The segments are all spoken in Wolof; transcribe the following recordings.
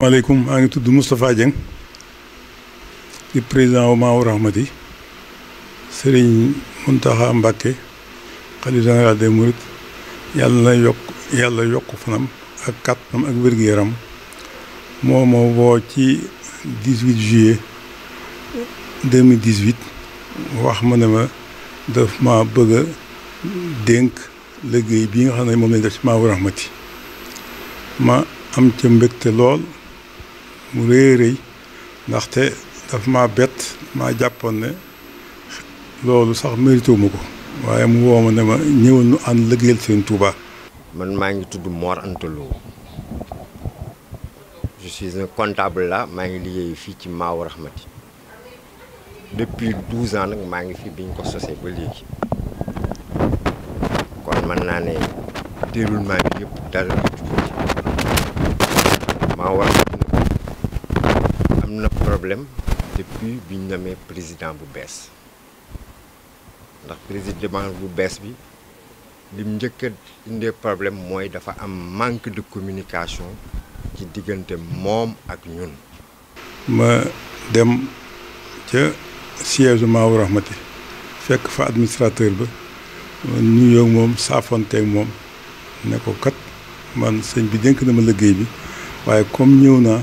maaleykum maa ngi tudd Moustapha Dieng di président wu Maawu Rahmati Serigne Mountakha Mbacké xalifa général des Mourides yàlla na yokk yàlla yokk fanam ak kàttanam ak wér moo ma woo ci 18 juillet 2018 wax ma ne ma daf ma bëgg a dénk liggéey bi nga xam ne moom lañ def ci Maawu Rahmati ma am ca mbégte lool bu rëy rëy ndaxte dafa ma bett maa jàppoon ne loolu sax méritewuma ko waaye mu woo ma ne ma ñëwal ñu ànd liggéeyal seen Touba. man maa ngi tudd Mor Anta Lo je suis comptable là maa ngi liggéey fii ci maw Rahmati depuis 12 ans nag maa ngi fi biñ ko sosee ba léegi kon mën naa ne déroulement bi yëpp dara du ci maa problème depuis bi ñu namee président bu bees ndax président bu bees bi lim njëkk a indee problème mooy dafa am manque de communication ci diggante moom ak ñun. ma dem ca siège Maawu Rahmati fekk fa administrateur ba nuyoo moom saafonteeg moom ne ko kat man sëñ bi dénk na ma liggéey bi waaye comme ñëw naa.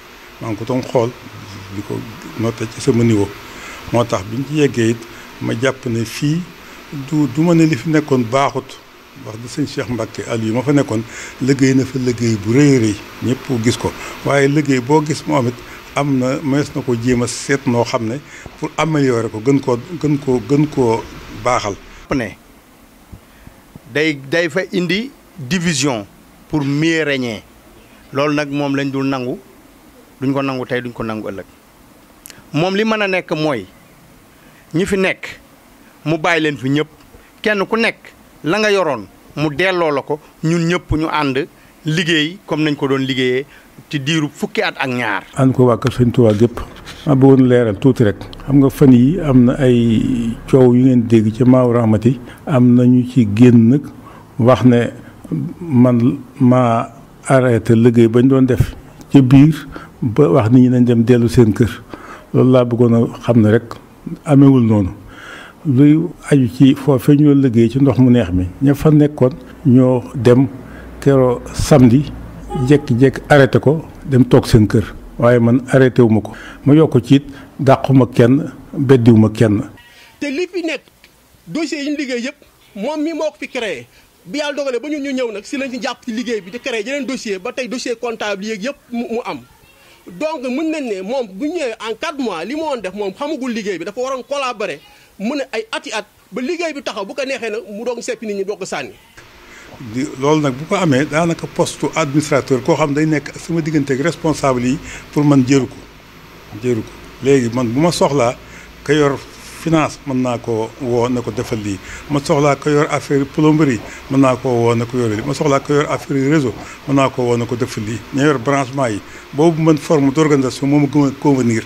maa ngi ko doon xool di ko noté ci sama niveau moo tax bi ñu ci yeggee it ma jàpp ne fii du duma ne li fi nekkoon baaxut wax di sëñ Cheikh Mbacke Aliou ma fa nekkoon liggéey na fa liggéey bu rëy rëy ñëpp gis ko waaye liggéey boo gis moom it am na mees na ko jéem a seet noo xam ne pour améliorer ko gën koo gën koo gën koo baaxal. ne day day fa indi division pour mieux régner loolu nag moom lañ dul nangu. duñ ko nangu tey duñ ko nangu ëllëg moom li mën a nekk mooy ñi fi nekk mu bàyyi leen fi ñëpp kenn ku nekk la nga yoroon mu delloo la ko ñun ñëpp ñu ànd liggéey comme nañ ko doon liggéeyee ci diiru fukki at ak ñaar. ànd ko waa Kër Sëñ Tuubaa gépp ma bëggoon leeral tuuti rek. xam nga fan yi am na ay coow yu ngeen dégg ca Maaw Rahmati am na ñu ci génn nag wax ne man maa arrêté liggéey bañ doon def ca biir. ba wax nit ñi nañ dem dellu seen kër loolu laa bëggoon a xam ne rek amewul noonu luy aju ci foofee ñoo liggéey ci ndox mu neex mi ña fa nekkoon ñoo dem keroo samdi jékki-jékki arrêté ko dem toog seen kër waaye man arrêté wu ma ko ma yokk ciit it dàquma kenn beddiwuma kenn te li fi nekk dossiers yi ñu liggéey yëpp moom mi moo ko fi créé bi yàlla dogalee ba ñu ñëw nag si lañ ci jàpp ci liggéey bi di créé yeneen dossier ba tey dossier comptable yéeg yëpp mu am donc mën nañ ne moom bu ñëwee en 4 mois li mu woon def moom xamagul liggéey bi dafa waroon collaborer mu ne ay ati at ba liggéey bi taxaw bu ko neexee nag mu doog seppi nit ñi doog ko sànni. loolu nag bu ko amee daanaka postu administrateur koo xam day nekk sama diggante ak responsable yi pour man jëru ko jëru ko léegi man bu ma soxlaa ka yor. finance mën naa ko woo na ko defal lii ma soxlaa ko yor affaire plomberie mën naa ko woo na ko yore lii ma soxlaa ko yor affaire réseau mën naa ko woo na ko defal lii ña yor branchement yi boobu man forme d'organisation moom gën a convenir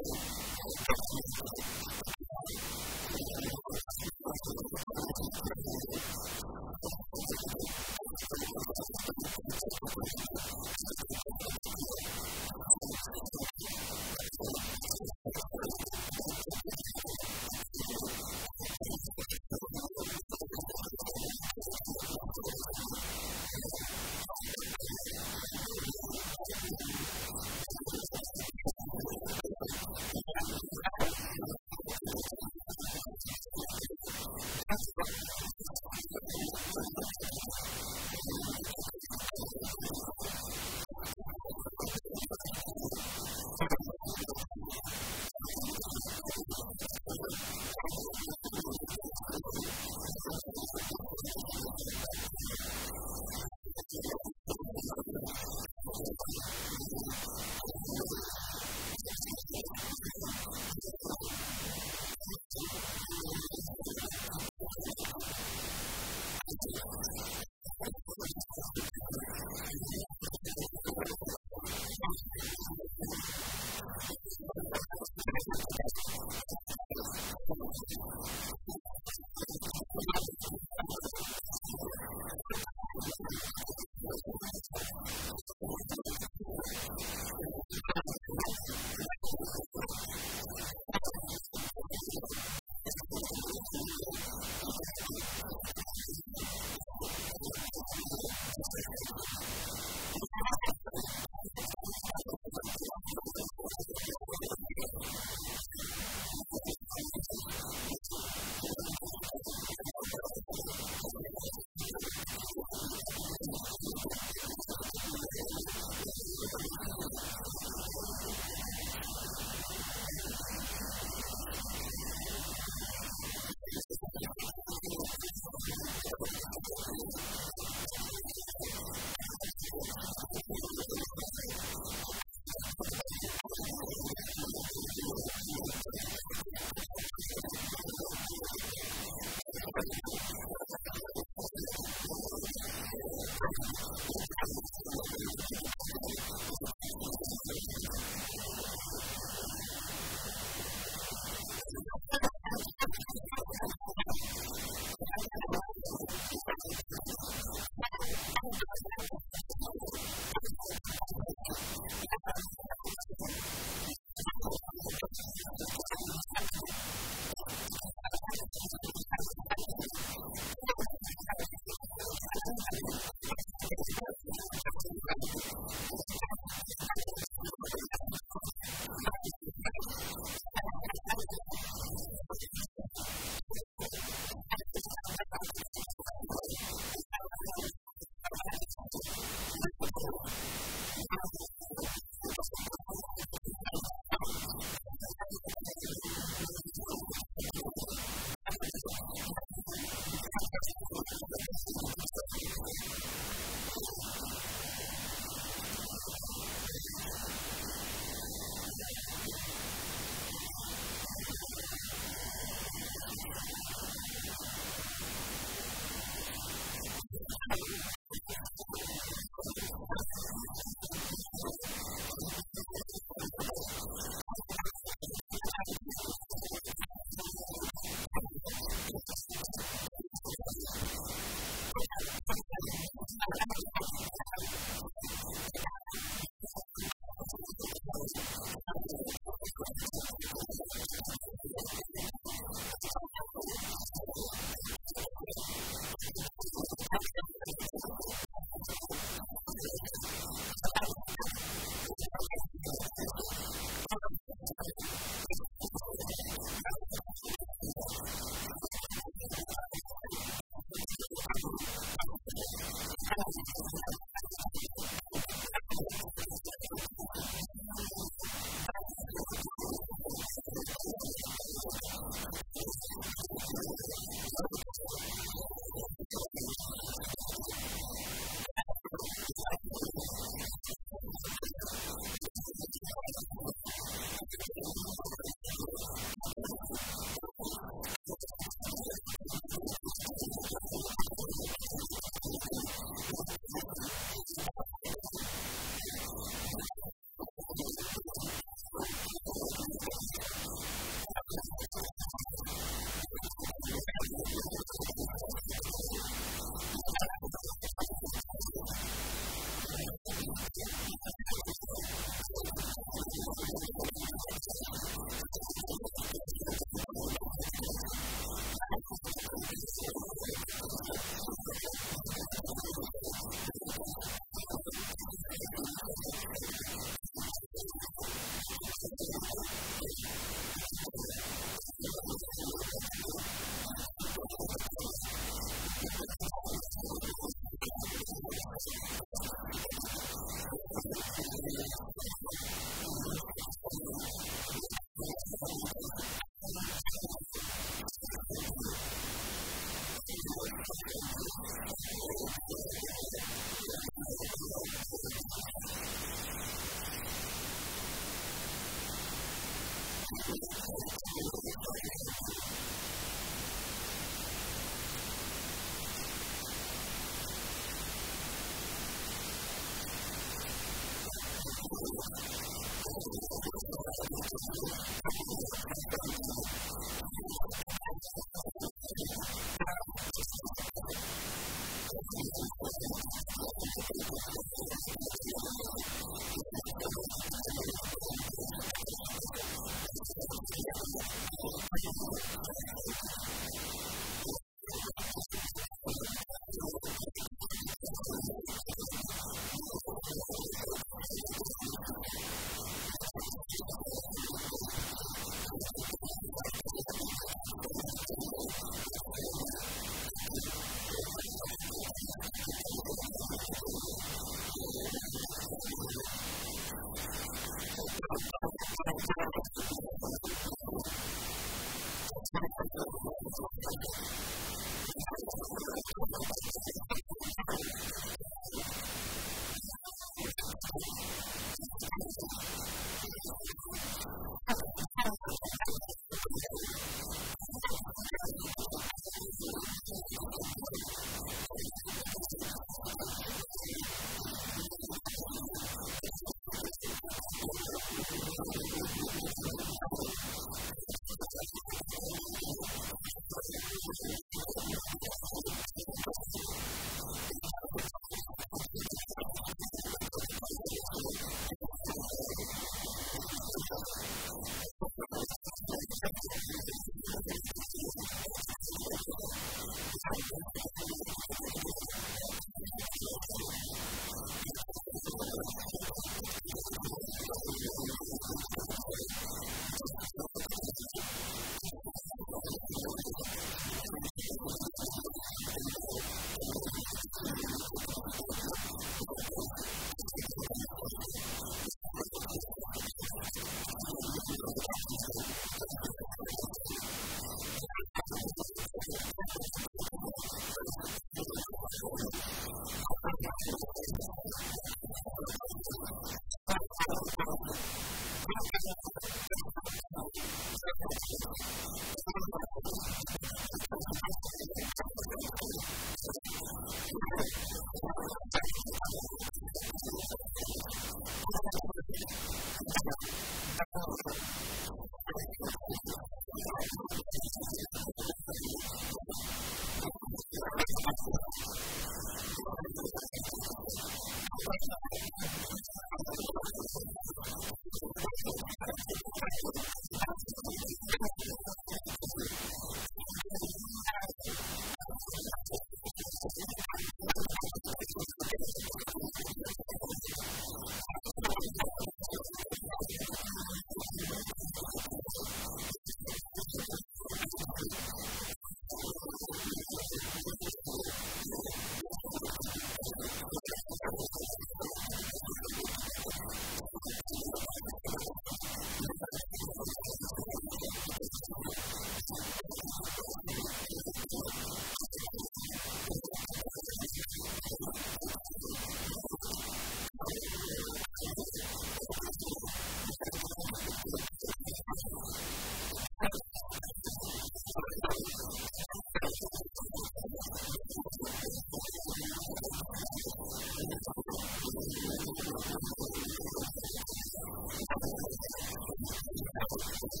Thank you.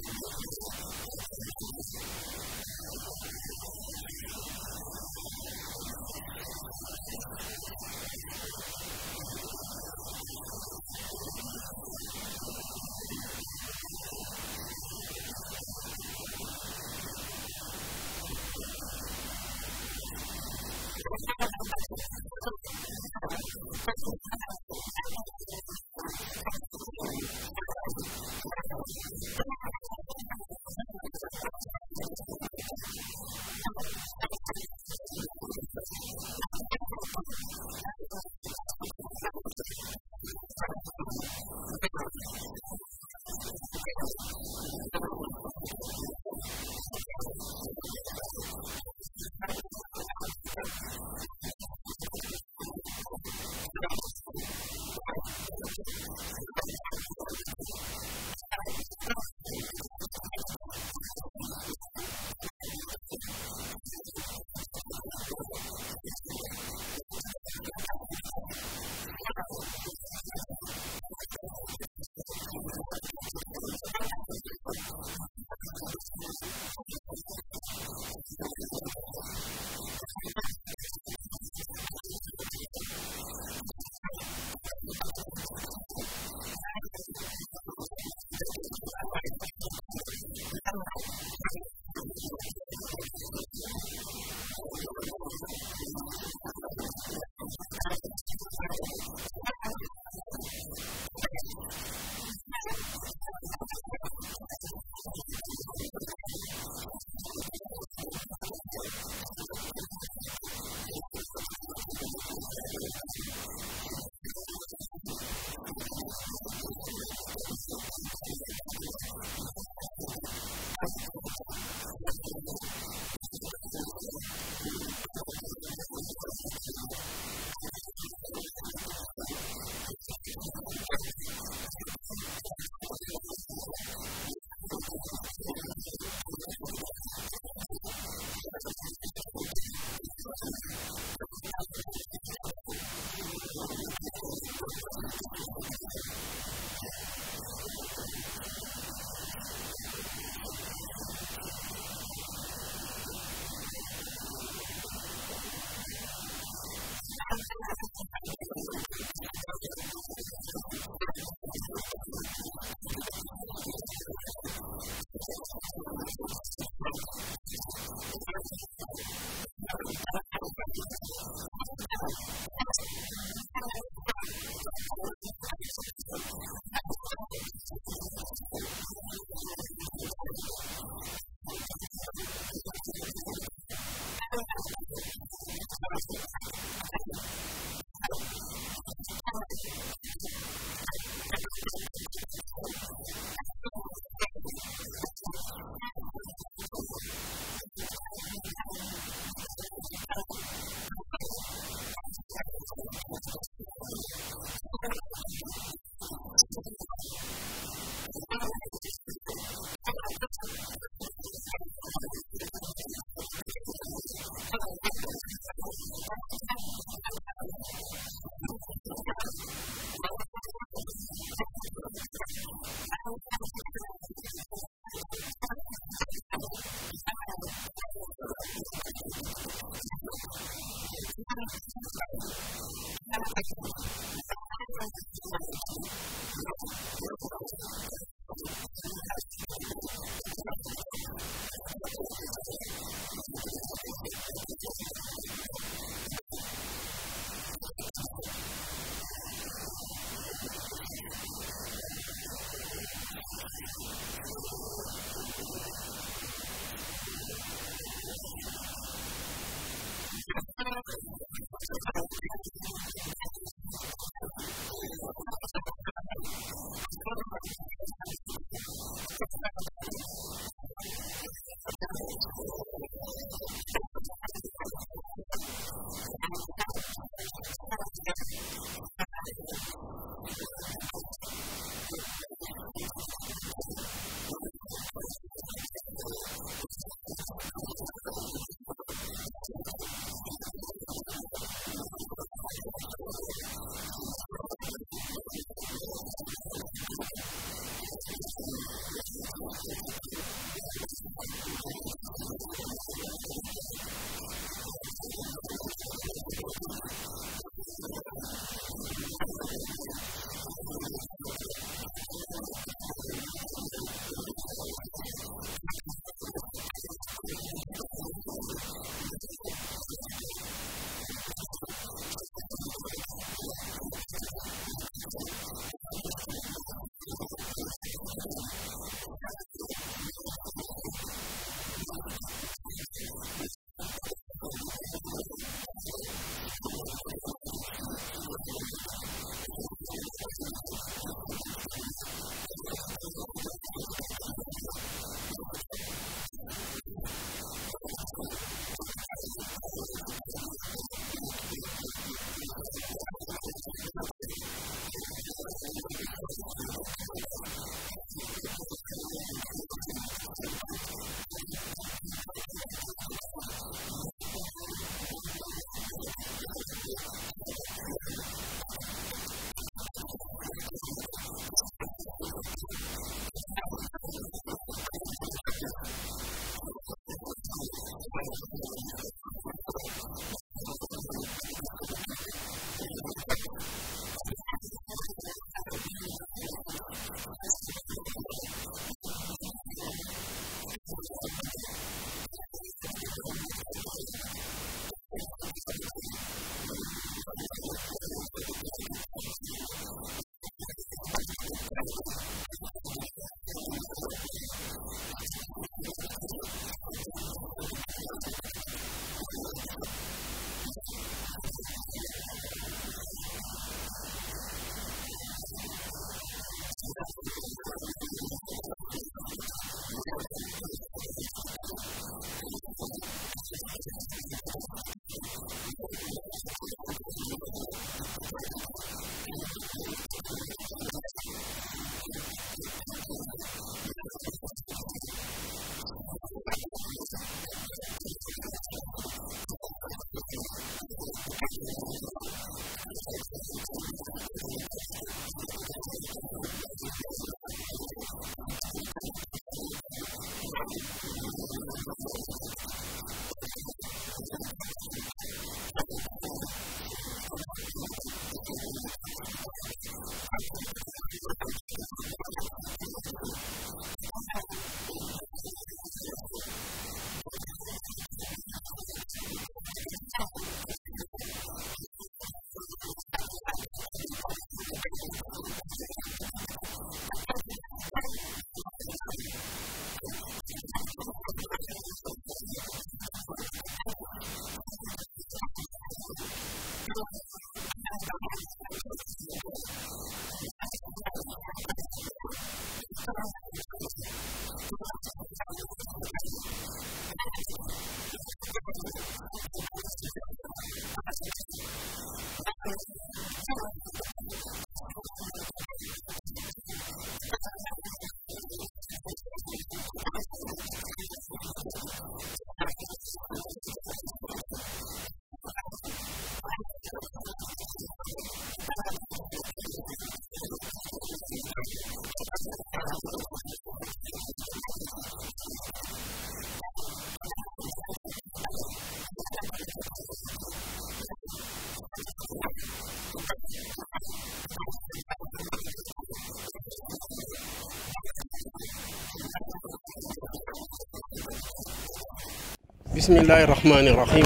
bisimilahi rahmaani rahim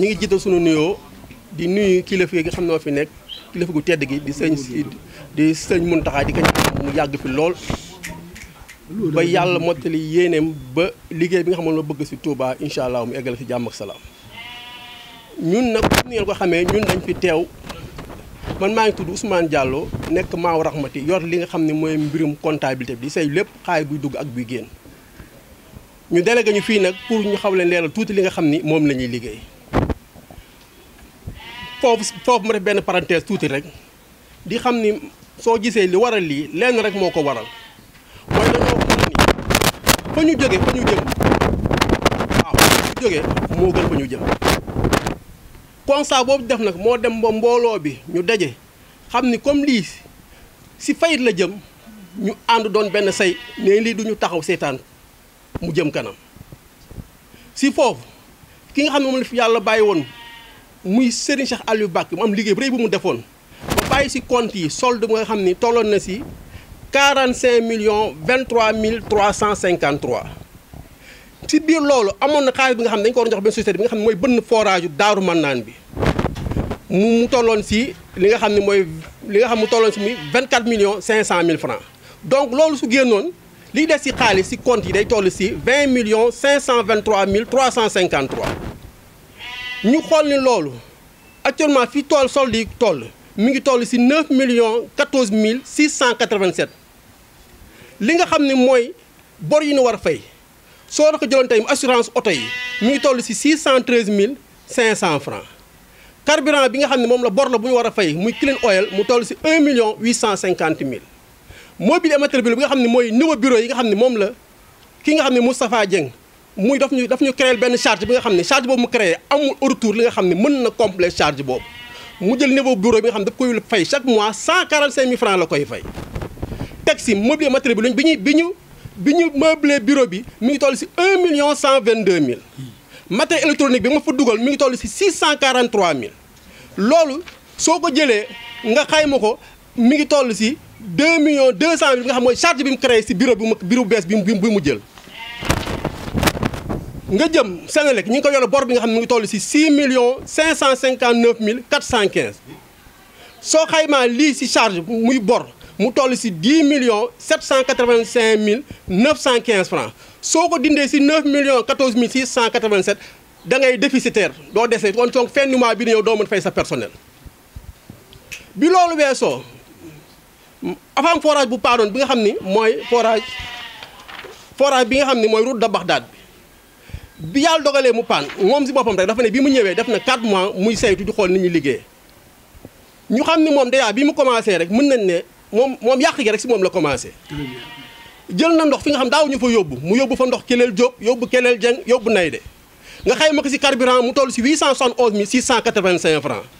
ñi ngi jiital sunu nuyoo di nuyu kilifa yi nga xam noo fi nekk kilifa gu tedd gi di sëñ si di sëñ Muntaxa di ko ñaan mu yàgg fi lool ba yàlla mottali yéeneem ba liggéey bi nga xamoon la bëgg si Touba incha allah mu eggale si jàmm ak salaam ñun nag comme ni ko xamee ñun dañ fi teew man maa ngi tudd Ousmane Diallo nekk maaw raxmati yor li nga xam ne mooy mbirum comptabilité bi di say lépp xaay buy dugg ak buy génn ñu délégué ñu fii nag pour ñu xaw leen leeral tuuti li nga xam ni moom la ñuy liggéey foofu foofu ma def benn parenthèse tuuti rek di xam ni soo gisee li waral lii lenn rek moo ko waral mooy dañoo xam ni fa ñu jóge fa ñu jëm waaw fa jóge moo gën fa ñu jëm constat boobu def nag moo dem ba mbooloo bi ñu daje xam ni comme lii si fayit la jëm ñu ànd doon benn say ne lii duñu taxaw seetaan mu jëm kanam si foofu ki nga xam ne moom fi yàlla bàyyi woon muy Serigne Cheikh yu Bakk mu am liggéey bu rëy bu mu defoon ba bàyyi si compte yi solde bu nga xam ni tolloon na si 45 millions 23 mille 353 si biir loolu amoon na xaalis bi nga xam ne dañu ko war a jox benn société bi nga xam ne mooy bënn forage daaru mannaan bi mu mu tolloon si li nga xam ne mooy li nga xam mu tolloon si muy million cinq 500 mille francs donc loolu su génnoon. L'idée de ce compte est 20 523 353. Nous avons dit que actuellement, le solde est 9 14 687. Ce que vous savez, c'est que nous avons fait. nous avons assurance auto, nous 613 500 francs. Le carburant que nous avons fait, c'est que 1 850 000 mobilier matériel bi nga xamni moy nouveau bureau yi nga xamni mom la ki nga xamni ne Moustapha Dieng muy daf ñu daf ñu créer ben charge bi nga xamni charge bobu mu créer amul retour li nga xamni mën na complet charge bobu mu jël niveau bureau bi nga xamni daf koy fay chaque mois 145000 francs la koy fay Taxi, mobilier matériel bi luñ bi ñu bureau bi mi ngi toll ci 1 million 122 mille matériel électronique bi ma fa duggal mi ngi toll ci 643 mille loolu soo ko jëlee nga xayma ko mi ngi toll si deux millions deux cent mille bi nga xam mooy charge bi mu créé si bureau bi mu bureau bees bi bi mu jël nga jëm Senelec ñu ngi ko yore bor bi nga xam ne mu ngi toll si six millions cinq cent cinquante neuf mille quatre cent quinze soo xaymaa lii si charge muy bor mu toll si dix millions sept cent quatre vingt cinq mille neuf soo ko dindee si neuf millions quatorze mille six cent quatre vingt déficitaire doo dese kon soog fin bi di ñëw doo mën sa personnel bi loolu weesoo avant forage bu paaroon bi nga xam ni mooy forage forage bi nga xam ni mooy route de Bagdad bi bi yàlla dogalee mu paan moom si boppam rek dafa ne bi mu ñëwee def na 4 mois muy saytu di xool nit ñu liggéey ñu xam ni moom déjà bi mu commencé rek mën nañ ne moom moom yàq gi rek si moom la commencé. jël na ndox fi nga xam daaw ñu fa yóbbu mu yóbbu fa ndox Keleel Diop yóbbu Keleel Dieng yóbbu Nayde nga xayma ko si carburant mu toll si 871 685 francs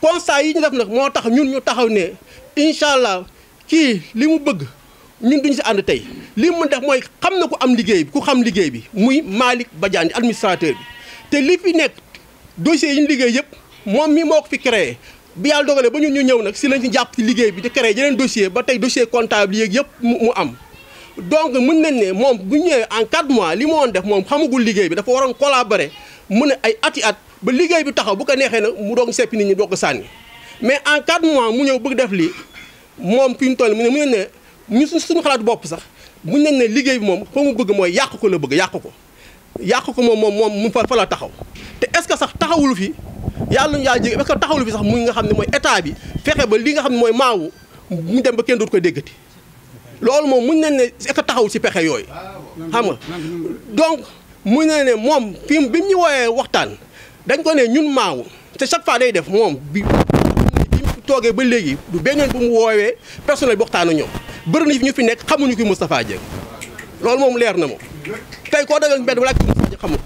constat yi ñu def nag moo tax ñun ñu taxaw ne incha allah kii li mu bëgg ñun duñu si ànd tey li mu def mooy xam na ku am liggéey bi ku xam liggéey bi muy Malick Badiane administrateur bi te li fi nekk dossiers yi ñu liggéey yëpp moom mi moo ko fi créé bi yàlla dogalee ba ñu ñu ñëw nag si lañ si jàpp si liggéey bi di créé jeneen dossier ba tey dossier comptable yeeg yëpp mu am donc mën nañ ne moom bu ñëwee en quatre mois li mu woon def moom xamagul liggéey bi dafa waroon collaborer mu ne ay ati at ba liggéey bi taxaw bu ko neexee nag mu doog seppi nit ñi doog ko sànni mais en quatre mois mu ñëw bëgg def lii moom fi ñu toll mu ne mu ne ñu suñu xalaat bopp sax mu ne liggéey bi moom fa mu bëgg mooy yàq ko la bëgg yàq ko yàq ko moom moom moom mu fa fa taxaw te est-ce que sax taxawul fi yàlla yaa jege est-ce sax mu nga xam ne mooy état bi fexe ba li nga xam mooy maawu mu dem ba kenn dootu ko déggati loolu moom mun nañ ne est-ce si pexe yooyu xam nga donc mu ne ne moom fi bi mu ñu wooyee waxtaan dañ ko ne ñun maaw te chaque fois day def moom bi toogee ba léegi du benn yoon bu mu woowee personnel bi waxtaan ñoom bëri na ñu fi nekk xamuñu ki Moustapha Dieng loolu moom leer na moom tey koo dagal mbedd wala ki Moustapha Dieng xamul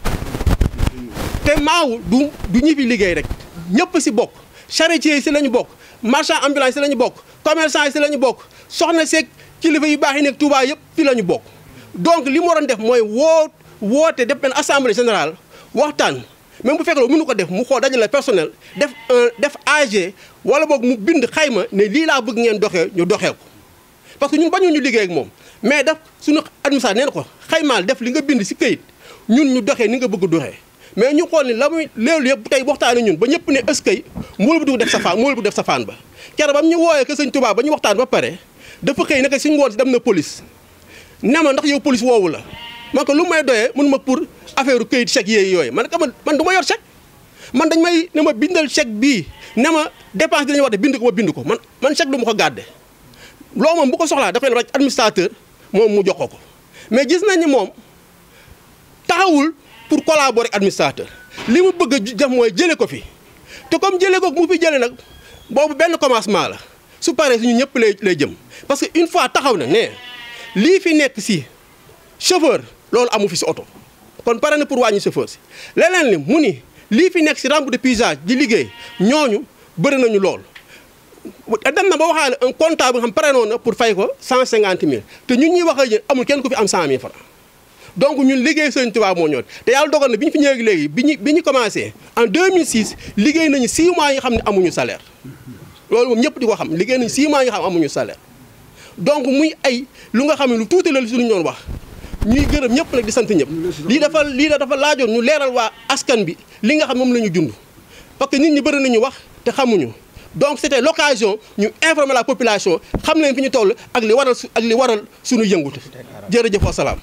te maawu du du ñi fi liggéey rek ñëpp si bokk charretier yi si lañu bokk marchand ambulant yi si lañu bokk commerçant yi si lañu bokk soxna seeg kilifa yu baax yi nekk Touba yëpp fi lañu bokk donc li mu waroon def mooy woo woote def benn assemblée générale waxtaan même bu ko def mu personnel def def AG wala mu bind xayma ne lii laa bëgg ngeen ñu parce que nous ne ñu pas ak mais suñu administrateur ko xaymaal def li nga bind si ñun ñu ni nga bëgg mais ñu xool ni la muy les yëpp tey ñun ba ne eskay bu dugg def safaan bu def ba ñu que sëñ ba waxtaan ba pare dafa naka police ne ma ndax yow police woowu la ko lu may pour affaire këyit chèque yooyu yooyu man man man du ma man dañ may ne bindal chèque bii ne ma dépense bi dañu wax de bind ko ma bind ko man man chèque du ma ko gàdde loolu moom bu ko soxlaa da koy rek administrateur moom mu jox ko ko mais gis nañ ni moom taxawul pour collaborer administrateur li mu bëgg a def mooy jëlee ko fi te comme jëlee ko mu fi jëlee nag boobu benn commencement la su paree suñu ñëpp lay lay jëm parce que une fois taxaw na ne lii fi nekk si chauffeur loolu amu fi si oto. kon pare pour wàññi chauffeur si leneen li mu ni lii fi nekk si rampe de paysage di liggéey ñooñu bëri nañu lool. dem na ba waxaale un comptable nga xam pare noon na pour fay ko cent cinquante mille te ñun ñuy wax amul kenn ku fi am cent mille francs donc ñun liggéey Sëñ Tuubaa moo ñor te yàlla dogal na bi ñu fi ñëw léegi bi ñu bi ñu commencé en 2006 liggéey nañu 6 mois yi xam ne amuñu salaire loolu moom ñëpp di ko xam liggéey nañu 6 mois yi xam amuñu salaire donc muy ay lu nga xam ne lu tuuti la suñu doon wax ñuy gërëm ñëpp rek di sant ñëpp lii dafa lii dafa laajoon ñu leeral waa askan bi li nga xam moom la ñu jund parce que nit ñi bëri nañu wax te xamuñu donc c'était l'occasion ñu informer la population xam leen fi ñu toll ak li waral ak li waral suñu yëngut jërëjëf wa salaam